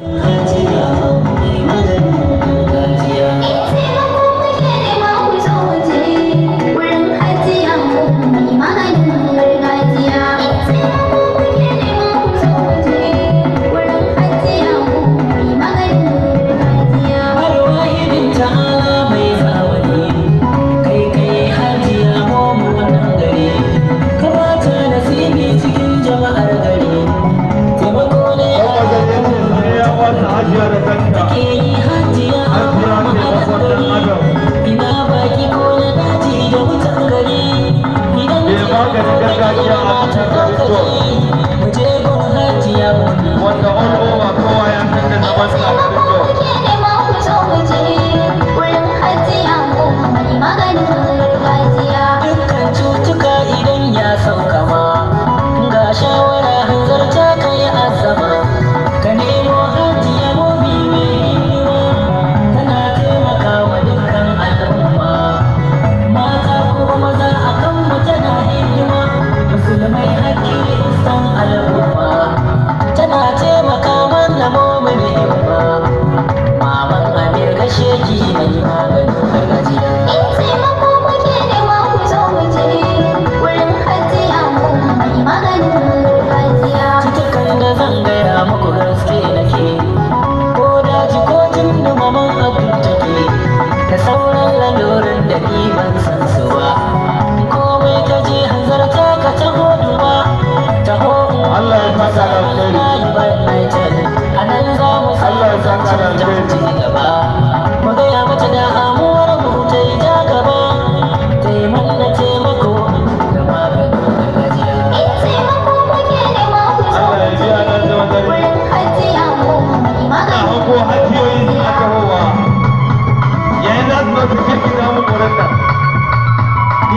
还记得。wanda all over kowa ya san da gabansa doron da ni ban san su ba komai ka je hanzarta ka taho duba taho Allah ya fasa alkhairi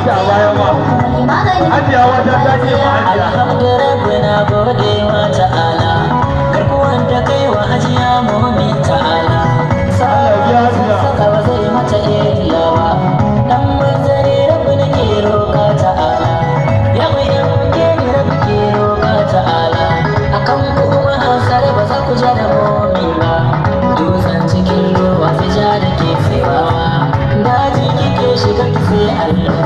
ki baya ma wata ta ce ma hajiya alhamdulillah na gode kai wa mumin ta'ala saka ba zai mata illa ba ɗan mai zare rabu na ta'ala ya mai yan ni rabu ta'ala ba za ku ja mumin ba dutsen cikin ruwa fi da ke tsayawa daji kike shiga ki a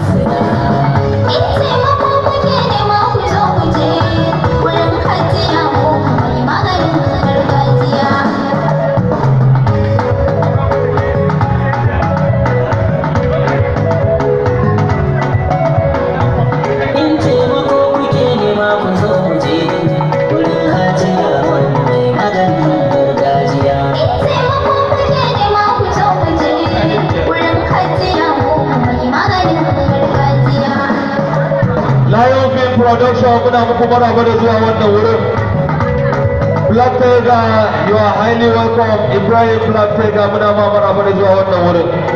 don shawa muku maraba da zuwa wannan wurin Black Tiger you are highly welcome Ibrahim Black Tiger muna ma maraba da zuwa wannan wurin